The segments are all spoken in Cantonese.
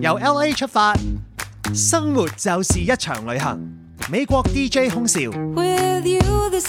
由 L A 出發，生活就是一場旅行。美國 DJ 空少，Hello，this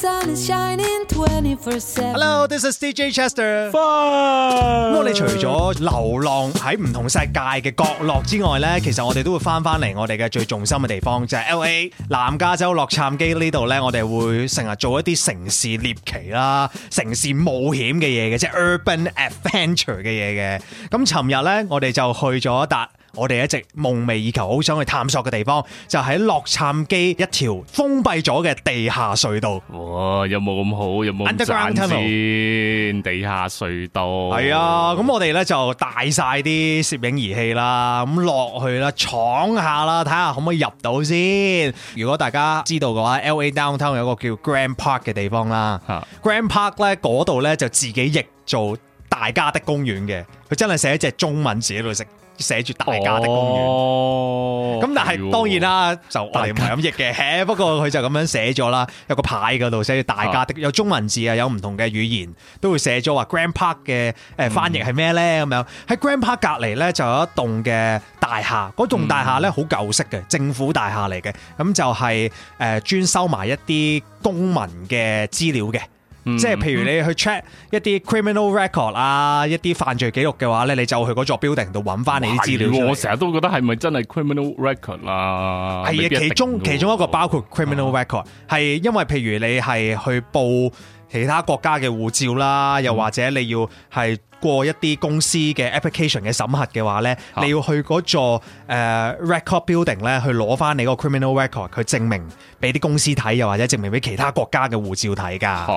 is DJ Chester。翻。咁我哋除咗流浪喺唔同世界嘅角落之外咧，其實我哋都會翻翻嚟我哋嘅最重心嘅地方，就係 L A 南加州洛杉磯呢度咧。我哋會成日做一啲城市獵奇啦、城市冒險嘅嘢嘅，即係 Urban Adventure 嘅嘢嘅。咁尋日咧，我哋就去咗一笪我哋一直夢寐以求，好想去探索嘅地方，就喺洛杉磯一條封閉咗嘅地下隧道。哇！有冇咁好？有冇？Underground tunnel，地下隧道。係啊，咁我哋咧就帶晒啲攝影儀器啦，咁落去啦，闖下啦，睇下可唔可以入到先。如果大家知道嘅話，LA Downtown 有個叫 Grand Park 嘅地方啦。Grand Park 咧嗰度咧就自己譯做大家的公園嘅，佢真係寫咗一隻中文字喺度食。寫住大家的公園，咁、哦、但係、哦、當然啦，就唔係咁譯嘅。 不過佢就咁樣寫咗啦，有個牌嗰度寫住大家的、啊，有中文字啊，有唔同嘅語言都會寫咗話 Grand Park 嘅誒翻譯係咩咧咁樣。喺、嗯、Grand Park 隔離咧就有一棟嘅大廈，嗰、嗯、棟大廈咧好舊式嘅政府大廈嚟嘅，咁就係、是、誒、呃、專收埋一啲公民嘅資料嘅。嗯、即係譬如你去 check 一啲 criminal record 啊，一啲犯罪記錄嘅話咧，你就去嗰座 building 度揾翻你啲資料出嚟。我成日都覺得係咪真係 criminal record 啦、啊？係啊，其中其中一個包括 criminal record，係、啊、因為譬如你係去報其他國家嘅護照啦，又或者你要係過一啲公司嘅 application 嘅審核嘅話咧，啊，你要去嗰座，呃、record building 咧，去攞翻你個 criminal record，去證明俾啲公司睇，又或者證明俾其他國家嘅護照睇噶，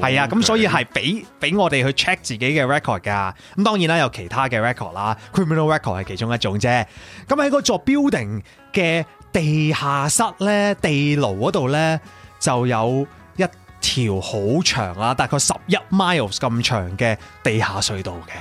係啊，咁、okay. 所以係俾俾我哋去 check 自己嘅 record 噶。咁當然啦，有其他嘅 record 啦，criminal record 係其中一種啫。咁喺嗰座 building 嘅地下室咧，地牢嗰度咧就有。條好長啊，大概十一 miles 咁長嘅地下隧道嘅，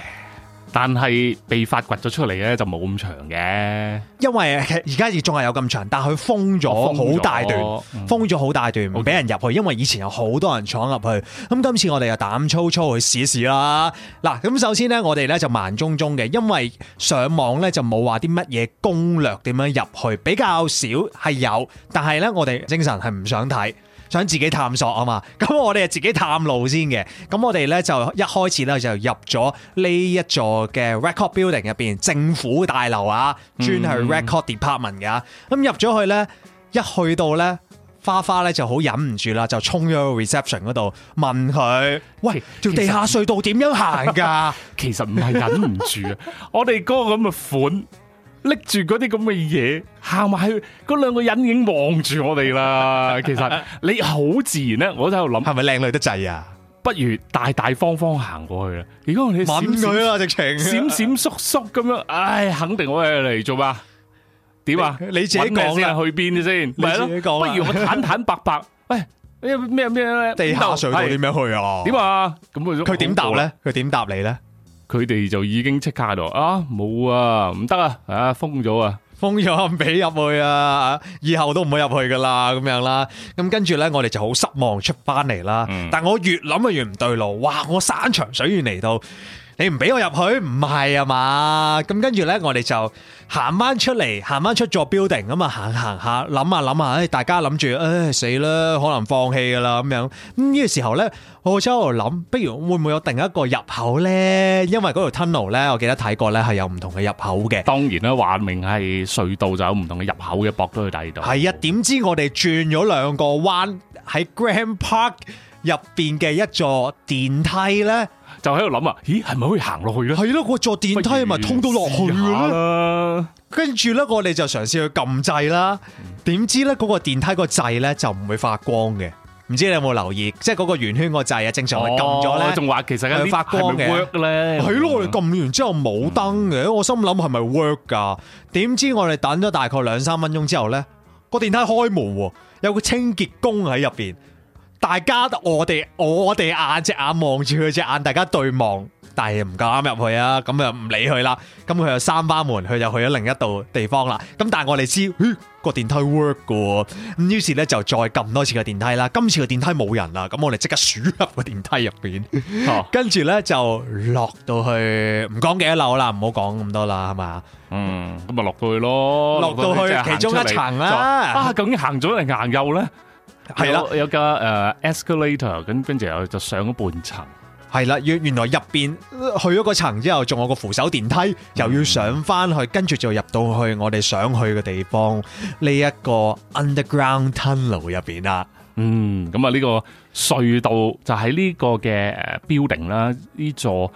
但係被發掘咗出嚟咧就冇咁長嘅，因為而家仲係有咁長，但係佢封咗好大段，啊、封咗好大段，唔、嗯、唔俾人入去，因為以前有好多人闖入去，咁今次我哋就膽粗粗去試試啦。嗱，咁首先呢，我哋咧就盲舂舂嘅，因為上網呢就冇話啲乜嘢攻略點樣入去，比較少係有，但係呢，我哋精神係唔想睇。想自己探索啊嘛，咁我哋係自己探路先嘅。咁我哋咧就一開始咧就入咗呢一座嘅 record building 入邊，政府大樓啊，專係 record department 嘅。咁入咗去咧，一去到咧，花花咧就好忍唔住啦，就衝咗個 reception 嗰度問佢：喂，條地下隧道點樣行噶？其實唔係忍唔住啊， 我哋嗰個咁嘅款。拎住嗰啲咁嘅嘢，行埋去，嗰兩個人影望住我哋啦。其實你好自然咧，我喺度諗，係咪靚女得滯啊？不如大大方方行過去啦。如果我哋搵佢啊，直情閃閃縮縮咁樣，唉，肯定我哋嚟做咩？點啊？你自己講啦，去邊先？唔係咯，不如我坦坦白白，喂，咩咩咩咩，地下隧道點樣去啊？點啊？咁佢佢點答咧？佢點答你咧？佢哋就已經即刻到啊，冇啊，唔得啊，啊封咗啊，封咗唔俾入去啊，以後都唔會入去噶啦，咁樣啦，咁跟住咧，我哋就好失望出翻嚟啦，但我越諗啊越唔對路，哇，我山長水遠嚟到。你唔俾我入去，唔係啊嘛？咁跟住咧，我哋就行翻出嚟，行翻出座 building 咁啊，行行下，諗下諗下，誒，大家諗住，誒，死啦，可能放棄噶啦咁樣。咁呢個時候咧，我就喺度諗，不如會唔會有另一個入口咧？因為嗰條 tunnel 咧，我記得睇過咧，係有唔同嘅入口嘅。當然啦，話明係隧道就有唔同嘅入口嘅，駁咗去第二度。係啊，點知我哋轉咗兩個彎喺 Grand Park。入邊嘅一座電梯咧，就喺度諗啊，咦，係咪可以行落去咧？係咯、啊，座電梯咪通到落去。跟住咧，我哋就嘗試去撳掣啦。點、嗯、知咧，嗰個電梯個掣咧就唔會發光嘅。唔知你有冇留意？即係嗰個圓圈個掣啊，正常係撳咗咧，仲、哦、話、哦、其實係發光嘅。係咪 work 咧？係咯、啊，我哋撳完之後冇燈嘅，嗯、我心諗係咪 work 噶點知我哋等咗大概兩三分鐘之後咧，個電梯開門，有個清潔工喺入邊。大家我哋我哋眼隻眼望住佢隻眼，大家對望，但係唔敢入去啊！咁就唔理佢啦。咁佢又三翻門，佢就去咗另一度地方啦。咁但係我哋知個電梯 work 嘅，咁於是咧就再撳多次個電梯啦。今次個電梯冇人啦，咁我哋即刻鼠入個電梯入邊，跟住咧就落到去唔講幾多樓啦，唔好講咁多啦，係嘛？嗯，咁咪落到去咯，落到去其中一層啦。啊，究竟行左定行右咧？.係啦，有架、uh, escalator，咁跟住又就上咗半層。係啦，原原來入邊去咗個層之後，仲有個扶手電梯，嗯、又要上翻去，跟住就入到去我哋想去嘅地方呢一、呢個 underground tunnel 入邊啦。嗯，咁啊呢個隧道就喺呢個嘅誒 building 啦，呢座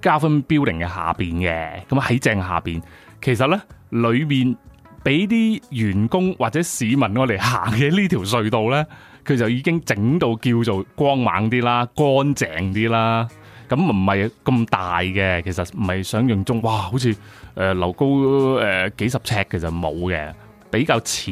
加分 building 嘅下邊嘅，咁喺正下邊，其實咧裏面。俾啲員工或者市民我哋行嘅呢條隧道呢，佢就已經整到叫做光猛啲啦、乾淨啲啦。咁唔係咁大嘅，其實唔係想象中。哇，好似誒樓高誒、呃、幾十尺其實冇嘅，比較似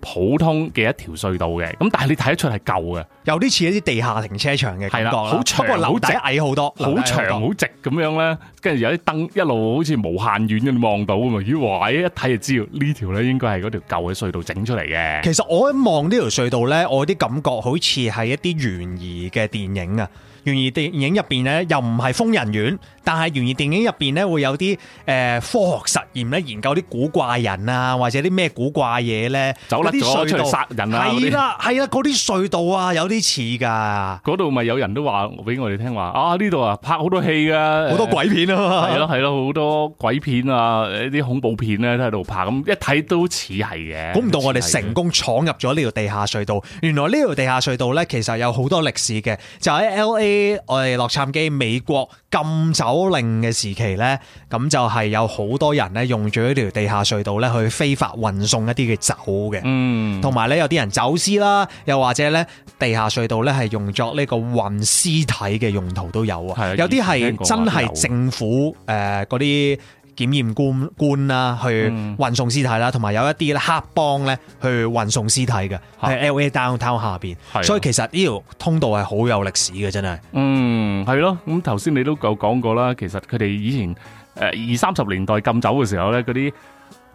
普通嘅一條隧道嘅。咁但係你睇得出係舊嘅。有啲似一啲地下停車場嘅感覺，好長，樓底矮好多，長多長多好長好直咁樣咧。跟住有啲燈，一路好似無限遠咁望到，咁啊咦一睇就知道，道呢條咧應該係嗰條舊嘅隧道整出嚟嘅。其實我一望呢條隧道咧，我啲感覺好似係一啲懸疑嘅電影啊！懸疑電影入面咧，又唔係瘋人院，但係懸疑電影入面咧會有啲、呃、科學實驗咧，研究啲古怪人啊，或者啲咩古怪嘢咧，走甩咗出嚟殺人啊！係啦，係啦，嗰啲隧道啊，有啲。啲似噶，嗰度咪有人都話俾我哋聽話啊，呢度啊拍好多戲啊，好多鬼片啊，係咯，係咯，好多鬼片啊，一啲、 啊、恐怖片咧都喺度拍，咁一睇都似係嘅。估唔到我哋成功闖入咗呢條地下隧道，原來呢條地下隧道咧其實有好多歷史嘅。就喺 L.A. 我哋洛杉磯美國禁酒令嘅時期咧，咁就係有好多人咧用咗呢條地下隧道咧去非法運送一啲嘅酒嘅，嗯呢，同埋咧有啲人走私啦，又或者咧地下。隧道咧，係用作呢個運屍體嘅用途都有啊。有啲係真係政府誒，嗰啲檢驗官官啦，去運送屍體啦，同埋有一啲黑幫咧去運送屍體嘅。喺 L A downtown 下邊，所以其實呢條通道係好有歷史嘅，嗯，真係。嗯，係咯。咁頭先你都有講過啦，其實佢哋以前誒二三十年代禁酒嘅時候咧，嗰啲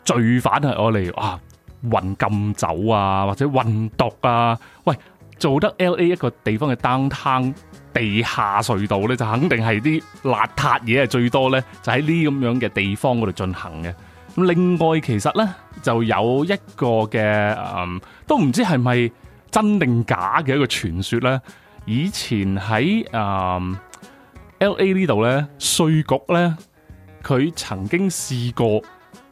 罪犯係攞嚟啊運禁酒啊，或者運毒啊，喂。做得 L A 一個地方嘅 downtown 地下隧道咧，就肯定係啲邋遢嘢係最多咧，就喺呢咁樣嘅地方嗰度進行嘅。咁另外，其實咧就有一個嘅，嗯，都唔知係咪真定假嘅一個傳說咧。以前喺啊 L A 呢度咧，稅局咧佢曾經試過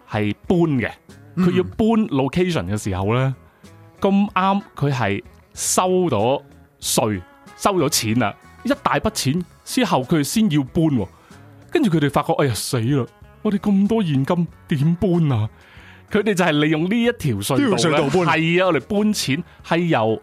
係搬嘅，佢要搬 location 嘅時候咧咁啱佢係。嗯收咗稅，收咗錢啊！一大筆錢之後，佢哋先要搬。跟住佢哋發覺，哎呀死啦！我哋咁多現金點搬啊？佢哋就係利用呢一條隧，隧，隧道，搬係啊，嚟搬錢，係由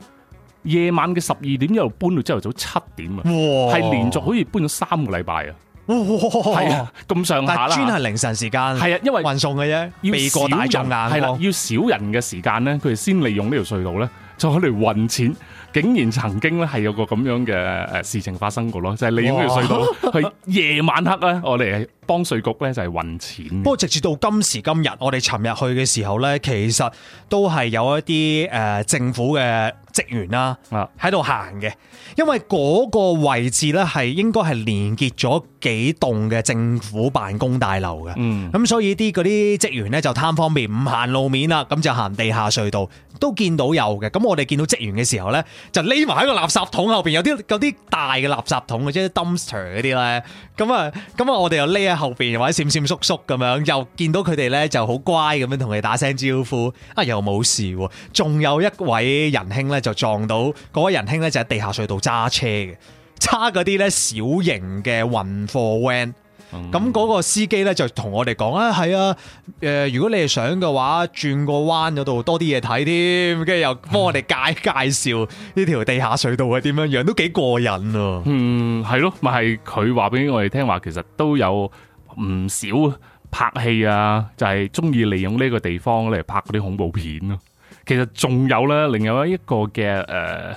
夜晚嘅十二點一路搬到朝頭早七點啊！哇，係連續好似搬咗三個禮拜啊！哇，係啊，咁上下啦。專係凌晨時間，係啊，因為運送嘅啫，要避過大眾眼係啦，要少人嘅時間咧，佢哋先利用呢條隧道咧。就再嚟運錢，竟然曾經咧係有個咁樣嘅誒事情發生過咯，就係、是、利用隧道去夜晚黑咧， 我哋係幫稅局咧就係運錢。不過直至到今時今日，我哋尋日去嘅時候咧，其實都係有一啲誒政府嘅職員啦，啊喺度行嘅，因為嗰個位置咧係應該係連結咗幾棟嘅政府辦公大樓嘅，嗯，咁所以啲嗰啲職員咧就貪方便唔行路面啦，咁就行地下隧道。都見到有嘅，咁我哋見到職員嘅時候呢，就匿埋喺個垃圾桶後面，有啲有啲大嘅垃圾桶嘅啫，dumpster 嗰啲呢。咁啊，咁啊，我哋又匿喺後面，或者閃閃縮縮咁樣，又見到佢哋呢，就好乖咁樣同佢哋打聲招呼，啊，又冇事喎。仲有一位仁兄呢，就撞到嗰位仁兄呢，就喺地下隧道揸車嘅，揸嗰啲呢小型嘅運貨 van。咁、嗯、嗰個司機咧就同我哋講啊，係啊，誒、呃，如果你係想嘅話，轉個彎嗰度多啲嘢睇添，跟住又幫我哋介、嗯、介紹呢條地下隧道係點樣樣，都幾過癮啊。嗯，係咯，咪係佢話俾我哋聽話，其實都有唔少拍戲啊，就係中意利用呢個地方嚟拍嗰啲恐怖片咯，啊。其實仲有咧，另有一一個嘅誒、呃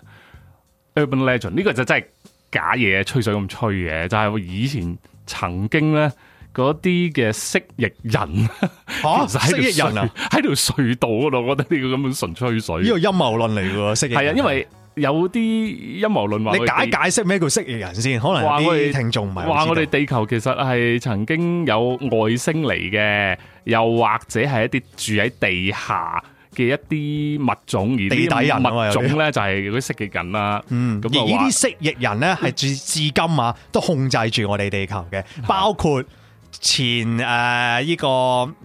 ，Urban Legend 呢個就真係假嘢，吹水咁吹嘅，就係、是、以前。曾經咧嗰啲嘅蜥蜴人嚇、啊、蜥蜴人啊喺條隧道嗰度，我覺得呢個咁樣純粹吹水。呢個陰謀論嚟嘅喎，蜥蜴人係啊， 因為有啲陰謀論話，你解解釋咩叫蜥蜴人先？可能啲聽眾唔係，話我哋地球其實係曾經有外星嚟嘅，又或者係一啲住喺地下。嘅一啲物種而物種是地底人物種咧就係嗰啲蜥蜴人啦。嗯，而呢啲蜥蜴人咧，係至至今啊都控制住我哋地球嘅， 包括前誒呢、呃這個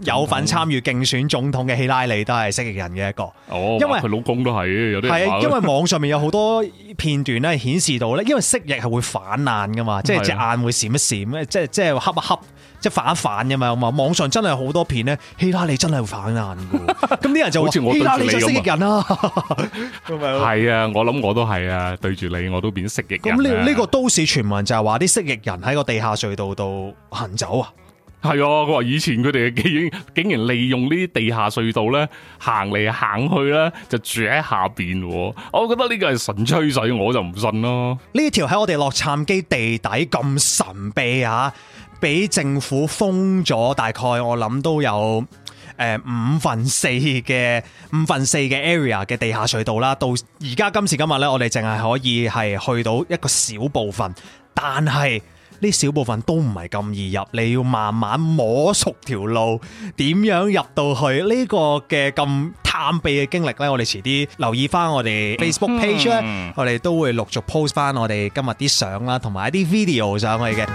有份參與競選總統嘅希拉里都係蜥蜴人嘅一個。哦，因為佢老公都係，有啲係因為網上面有好多片段咧顯示到咧， 因為蜥蜴係會反眼噶嘛，即係隻眼會閃一閃，是即係即係黑一黑。即係反一反嘅嘛，好嘛，網上真係好多片咧，希拉里真係會反眼嘅，咁 啲人就話 希拉里就蜥蜴人啦，啊，係 啊，我諗我都係啊，對住你我都變蜥蜴人。咁呢呢個都市傳聞就係話啲蜥蜴人喺個地下隧道度行走是，啊，係啊，佢話以前佢哋竟然竟然利用呢啲地下隧道咧，行嚟行去咧，就住喺下邊，我覺得呢個係純吹水，我就唔信咯。呢條喺我哋洛杉磯地底咁神秘啊！俾政府封咗大概，我諗都有誒五分四嘅五分四嘅 area 嘅地下隧道啦。到而家今時今日呢，我哋淨係可以係去到一個小部分，但係呢小部分都唔係咁易入，你要慢慢摸熟條路，點樣入到去呢個嘅咁探秘嘅經歷呢？我哋遲啲留意翻我哋 Facebook page 呢，我哋都會陸續 post 翻我哋今日啲相啦，同埋一啲 video 上去嘅。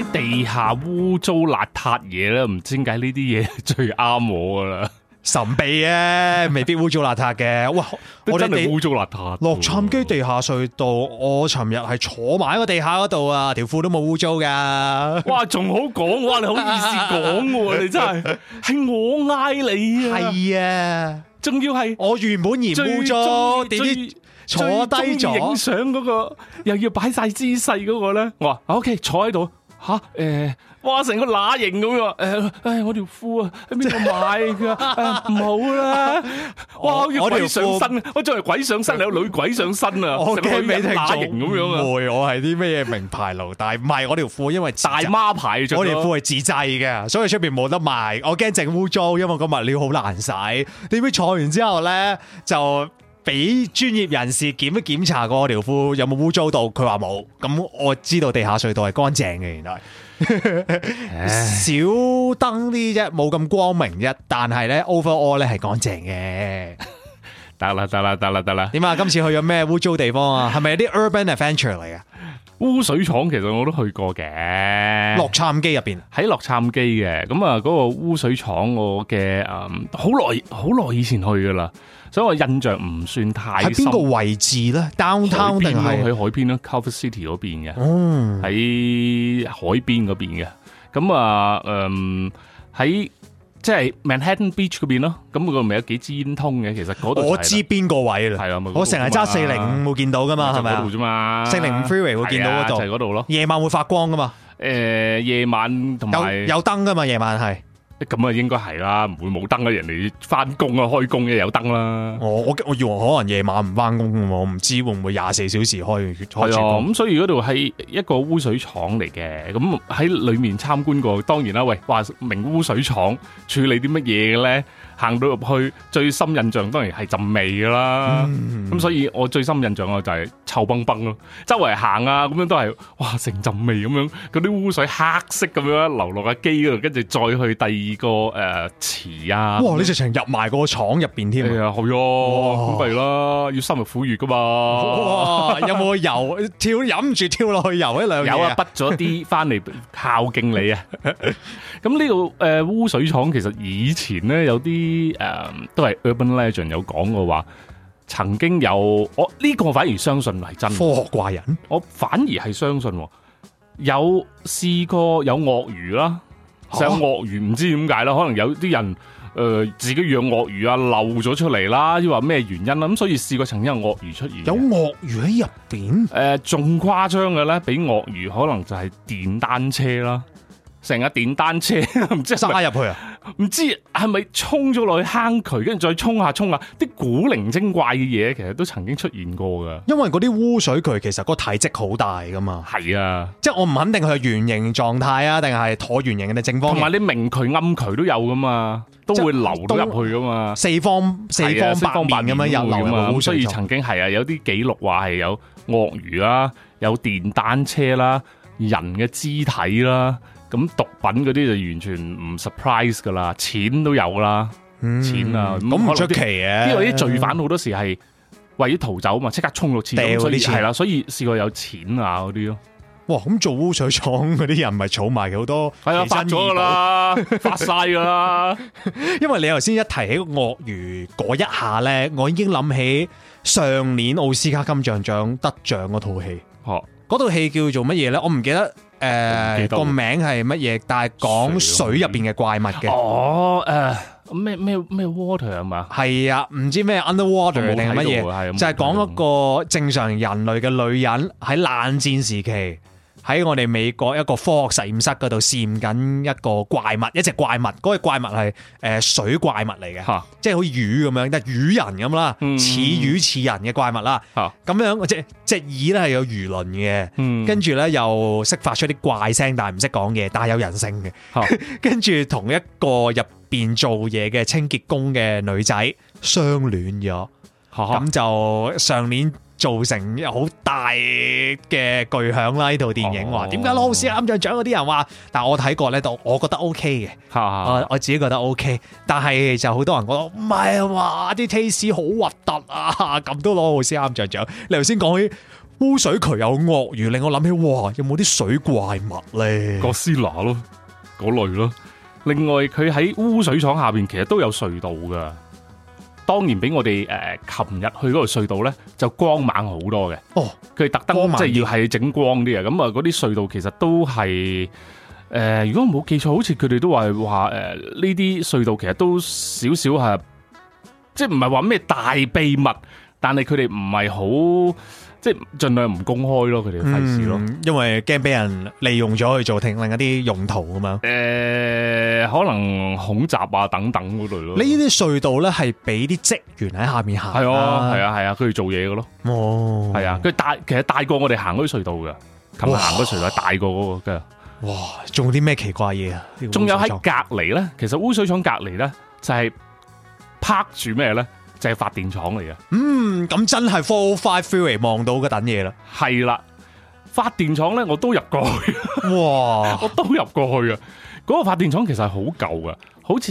喺地下污糟邋遢嘢啦，唔知點解呢啲嘢最啱我噶啦，神秘啊，未必污糟邋遢嘅。哇，我真係污糟邋遢！洛杉磯地下隧道，我尋日係坐埋喺個地下嗰度啊，條褲都冇污糟噶。哇，仲好講，哇你好意思講嘅、啊，你真係係 我嗌你啊，係啊，仲要係我原本嫌污糟，坐低影相嗰個又要擺晒姿勢嗰個咧，我話 O K 坐喺度。吓誒、欸，哇！成個乸型咁樣，誒，唉，我條褲啊喺邊度買噶？唔 好、啊、啦，哇！我條鬼上身，我作嚟鬼上身，你、呃、有女鬼上身啊！成、呃、個乸型咁樣啊！呃、會，我係啲咩名牌奴， 但係唔係我條褲，因為大媽牌，我條褲係自製嘅，所以出邊冇得賣。我驚整污糟，因為個物料好難洗。點知坐完之後咧就。俾專業人士檢一檢查過條褲有冇污糟到，佢話冇。咁我知道地下隧道係乾淨嘅，原來少 燈啲啫，冇咁光明啫。但係咧，overall 咧係乾淨嘅。得啦，得啦，得啦，得啦。點啊？今次去咗咩污糟地方啊？係咪啲 urban adventure 嚟㗎污水廠？其實我都去過嘅。洛杉磯入邊喺洛杉磯嘅，咁啊，嗰、嗰個污水廠我嘅誒好耐好耐以前去噶啦。所以我印象唔算太喺邊個位置咧？Downtown 定係去海邊咯？Culver City 嗰邊嘅，喺海邊嗰邊嘅。咁啊，嗯，喺、呃嗯、即係 Manhattan Beach 嗰邊咯。咁嗰度咪有幾支煙通嘅？其實嗰度、就是、我知邊個位啦。係、就是、啊，我成日揸四零五會見到噶嘛，係咪啊？四零五 Freeway 會見到嗰度，就係、是、度咯。夜晚會發光噶嘛？誒、呃，夜晚同有有燈噶嘛？夜晚係。咁啊，應該係啦，唔會冇燈啊！人哋翻工啊，開工嘅有燈啦。哦，我我以為可能夜晚唔翻工我唔知會唔會廿四小時開。係啊，咁、哦、所以嗰度係一個污水廠嚟嘅，咁喺裡面參觀過。當然啦，喂，話明污水廠處理啲乜嘢嘅咧，行到入去最深印象當然係陣味㗎啦。咁、嗯嗯、所以我最深印象嘅就係、是。臭崩崩咯，周圍行啊咁樣都係，哇成陣味咁樣，嗰啲污水黑色咁樣流落個機度，跟住再去第二個誒、呃、池啊，哇你直情入埋個廠入邊添，啊，好、哎、咯，咁係啦，要深入虎穴噶嘛，有冇游 跳飲住跳落去游一兩日？有啊，滗咗啲翻嚟孝敬你啊、 這個。咁呢度誒污水廠其實以前咧有啲誒、呃、都係 Urban Legend 有講嘅話。曾經有我呢個我反而相信係真的，科學怪人。我反而係相信有試過有鱷魚啦，有、啊、鱷魚唔知點解啦，可能有啲人誒、呃、自己養鱷魚啊漏咗出嚟啦，亦話咩原因啦，咁所以試過曾經有鱷魚出現，有鱷魚喺入邊。誒、呃，仲誇張嘅咧，俾鱷魚可能就係電單車啦，成個電單車塞入去啊！唔知係咪沖咗落去坑渠，跟住再沖下沖下，啲古靈精怪嘅嘢其實都曾經出現過㗎！因為嗰啲污水渠其實個體積好大噶嘛。係啊，即係我唔肯定佢係圓形狀態啊，定係橢圓形定正方形。同埋你明渠、暗渠都有噶嘛，都會流到入去噶嘛。四方四方八面咁樣又流啊。所以曾經係啊，有啲記錄話係有鱷魚啦、啊，有電單車啦、啊，人嘅肢體啦、啊。咁毒品嗰啲就完全唔 surprise 噶啦。錢都有啦，嗯，錢啊，咁唔出奇嘅。因為啲罪犯好多時係為咗逃走啊嘛，即刻沖落廁，掉啲錢，係啦，所以試過有錢啊嗰啲咯。哇，咁做污水廠嗰啲人咪儲埋好多，係啊，發咗啦， 發晒噶的啦。 因為你頭先一提起鱷魚嗰一下咧，我已經諗起上年奧斯卡金像獎得獎嗰套戲，哦，嗰套戲叫做乜嘢咧？我唔記得。誒、呃，個名係乜嘢？但係講水入邊嘅怪物嘅、啊。哦，誒、呃，咩咩咩 water 啊？嘛？係啊，唔知咩 underwater 定係乜嘢？就係、是、講一個正常人類嘅女人喺冷戰時期。喺我哋美國一個科學實驗室嗰度試驗緊一個怪物，一隻怪物，嗰、那、隻、個、怪物係誒、呃、水怪物嚟嘅，啊，即係好似魚咁樣，但係魚人咁啦，似、嗯、魚似人嘅怪物啦。咁、啊、樣隻隻耳咧係有魚鱗嘅，跟住咧又識發出啲怪聲，但係唔識講嘢，但係有人性嘅。啊、 跟住同一個入邊做嘢嘅清潔工嘅女仔相戀咗，咁、啊、就上年。造成一好大嘅巨響啦！呢套電影話點解攞奧斯卡金像獎嗰啲人話，但我睇過呢度，我覺得 O K 嘅， 我我自己覺得 O K。但係就好多人覺得：「唔係啊，哇啲 taste 好核突啊，咁都攞奧斯卡金像獎。你頭先講起污水渠有鱷魚，令我諗起哇，有冇啲水怪物咧？哥斯拉咯，嗰類咯。另外，佢喺污水廠下邊其實都有隧道噶。當然比我哋誒琴日去嗰個隧道咧，就光猛好多嘅。哦，佢哋特登光猛，即係要係整光啲啊！咁啊，嗰啲隧道其實都係誒，如果冇記錯，好似佢哋都話話誒呢啲隧道其實都少少係，即係唔係話咩大秘密，但係佢哋唔係好即係盡量唔公開咯，佢哋費事咯，因為驚俾人利用咗去做另一啲用途噉樣。誒。可能恐襲啊，等等嗰類咯。呢啲隧道咧，係俾啲職員喺下面行。係哦，係啊，係啊，佢要做嘢嘅咯。哦，係啊，佢大，其實大過我哋行嗰啲隧道嘅，咁行嗰啲隧道大過嗰個嘅。哇，仲有啲咩奇怪嘢啊？仲有喺隔籬咧，其實污水廠隔籬咧就係泊住咩咧，就係、是、發電廠嚟嘅。嗯，咁真係 full five three 望到嘅等嘢啦。係啦，發電廠咧我都入過去。哇，我都入過去啊！嗰、那個發電廠其實係好舊嘅，好似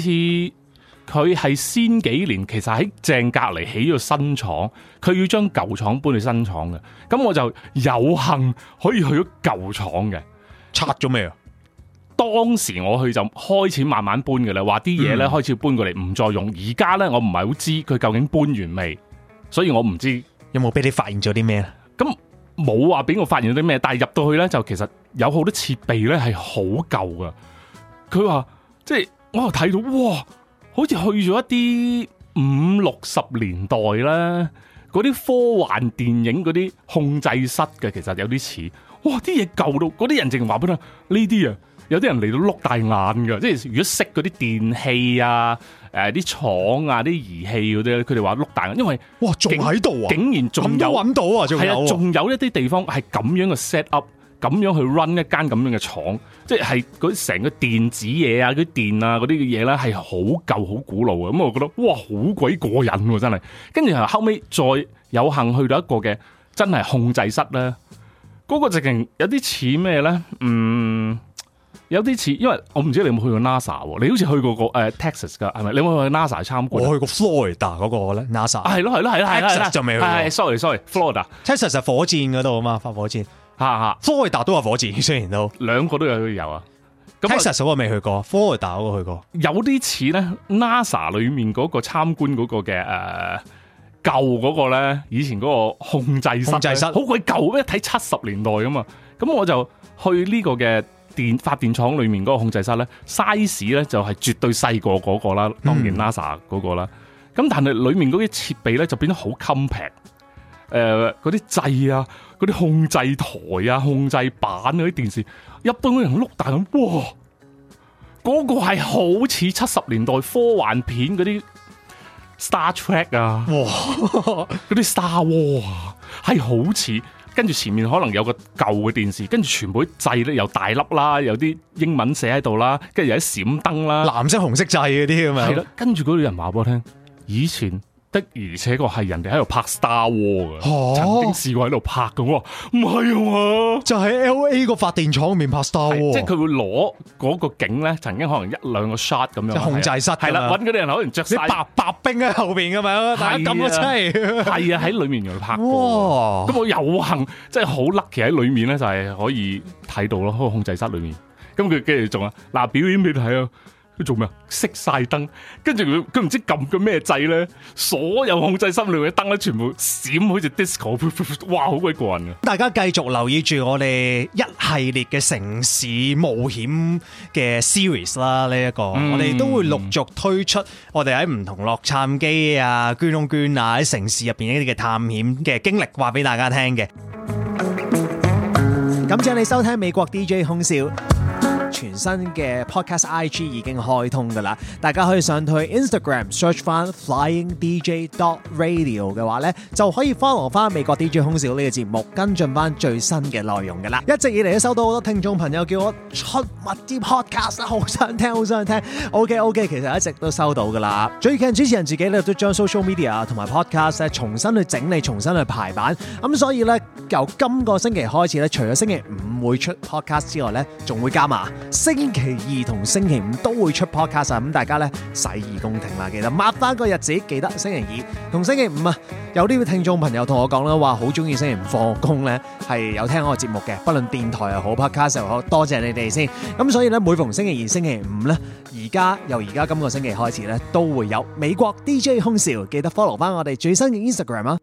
佢係先幾年其實喺正隔離起咗新廠，佢要將舊廠搬去新廠嘅。咁我就有幸可以去咗舊廠嘅，拆咗咩啊？當時我去就開始慢慢搬嘅啦，話啲嘢咧開始搬過嚟唔再用。而家咧我唔係好知佢究竟搬完未，所以我唔知道有冇俾你發現咗啲咩。咁冇話俾我發現咗啲咩，但係入到去咧就其實有好多設備咧係好舊嘅。佢話即係我又睇到，哇，好似去咗一啲五六十年代啦，嗰啲科幻電影嗰啲控制室嘅，其實有啲似，哇，啲嘢舊到，嗰啲人淨話俾佢，呢啲啊，有啲人嚟到碌大眼㗎，即係如果識嗰啲電器啊，誒、呃，啲廠啊，啲儀器嗰啲，佢哋話碌大眼，因為哇，仲喺度啊，竟然仲有，咁都搵到啊，仲有，係啊，仲有一啲地方係咁樣嘅 set up。咁樣去 run 一間咁樣嘅廠，即係嗰啲成個電子嘢啊，啲電啊，嗰啲嘢咧係好舊好古老嘅。咁我覺得哇，好鬼過癮喎，真係。跟住後後尾再有幸去到一個嘅真係控制室咧，嗰個直情有啲似咩咧？嗯，有啲似，因為我唔知你有冇去過 NASA，你好似去過個誒 Texas 噶係咪？你有冇去過 NASA 參觀？我去過 Florida 嗰個咧，NASA。啊，係咯係咯係咯係咯，就未去過。哎、sorry sorry，Florida，Texas 係火箭嗰度啊嘛，發火箭。哈哈，科達都有火箭，雖然都兩個都有都有啊。咁 Texas 嗰個未去過，科達我去過。有啲似咧 NASA 裏面嗰個參觀嗰個嘅誒舊嗰個咧，以前嗰個控制控制室好鬼舊咩，一睇七十年代㗎嘛。咁我就去呢個嘅電發電廠裏面嗰個控制室咧，size 咧就係絕對細過嗰、那個啦，當然 NASA 嗰、那個啦。咁、嗯、但係裏面嗰啲設備咧就變得好 compact。誒、呃，嗰啲掣啊，嗰啲控制台啊，控制板嗰啲電視，一般嗰人碌大咁，哇！嗰、嗰個係好似七十年代科幻片嗰啲 Star Trek 啊，哇！嗰 啲 Star War，係好似跟住前面可能有個舊嘅電視，跟住全部掣咧又大粒啦，有啲英文寫喺度啦，跟住有啲閃燈啦，藍色紅色掣嗰啲咁樣，係、嗯、跟住嗰啲人話俾我聽，以前。的而且確係人哋喺度拍 Star War 嘅，曾經試過喺度拍喎。唔係啊，就喺 L A 個發電廠面拍 Star War? 即係佢會攞嗰個景咧，曾經可能一兩個 shot 咁樣控制室係啦、啊，搵嗰啲人可能着晒白白兵喺後邊咁樣嘛，大家感覺真係啊喺、啊 啊、裏面用嚟拍，咁我有幸，即係好 lucky 喺裏面咧就係、是、可以睇到咯，個控制室裏面，咁佢跟住仲啊嗱表演俾睇啊！佢做咩啊？熄晒燈，跟住佢佢唔知撳個咩掣咧，所有控制室裏嘅燈咧，全部閃，好似 disco，哇，好鬼過癮！大家繼續留意住我哋一系列嘅城市冒險嘅 series 啦，呢一個我哋都會陸續推出，我哋喺唔同洛杉磯啊、鑽窿鑽啊喺城市入邊呢啲嘅探險嘅經歷，話俾大家聽嘅。感謝你收聽美國 DJ 空少。全新嘅 podcast IG 已經開通噶啦，大家可以上去 Instagram search 翻 Flying DJ Radio 嘅話呢就可以 follow 翻美國 DJ 空少呢個節目，跟進翻最新嘅內容噶啦。一直以嚟都收到好多聽眾朋友叫我出密啲 podcast，好想聽，好想聽。OK OK，其實一直都收到噶啦。最近主持人自己咧都將 social media 同埋 podcast 呢重新去整理，重新去排版。咁所以呢，由今個星期開始呢，除咗星期五會出 podcast 之外呢，仲會加碼星期二同星期五都會出 podcast 啊！咁大家咧，洗耳恭聽啦。記得抹翻個日子，記得星期二同星期五啊！有啲聽眾朋友同我講啦，話好鍾意星期五放工咧，係有聽我節目嘅，不論電台又好 podcast 又好，多謝你哋先。咁所以咧，每逢星期二、星期五咧，而家由而家今個星期開始咧，都會有美國 DJ 空少，記得 follow 翻我哋最新嘅 Instagram 啊！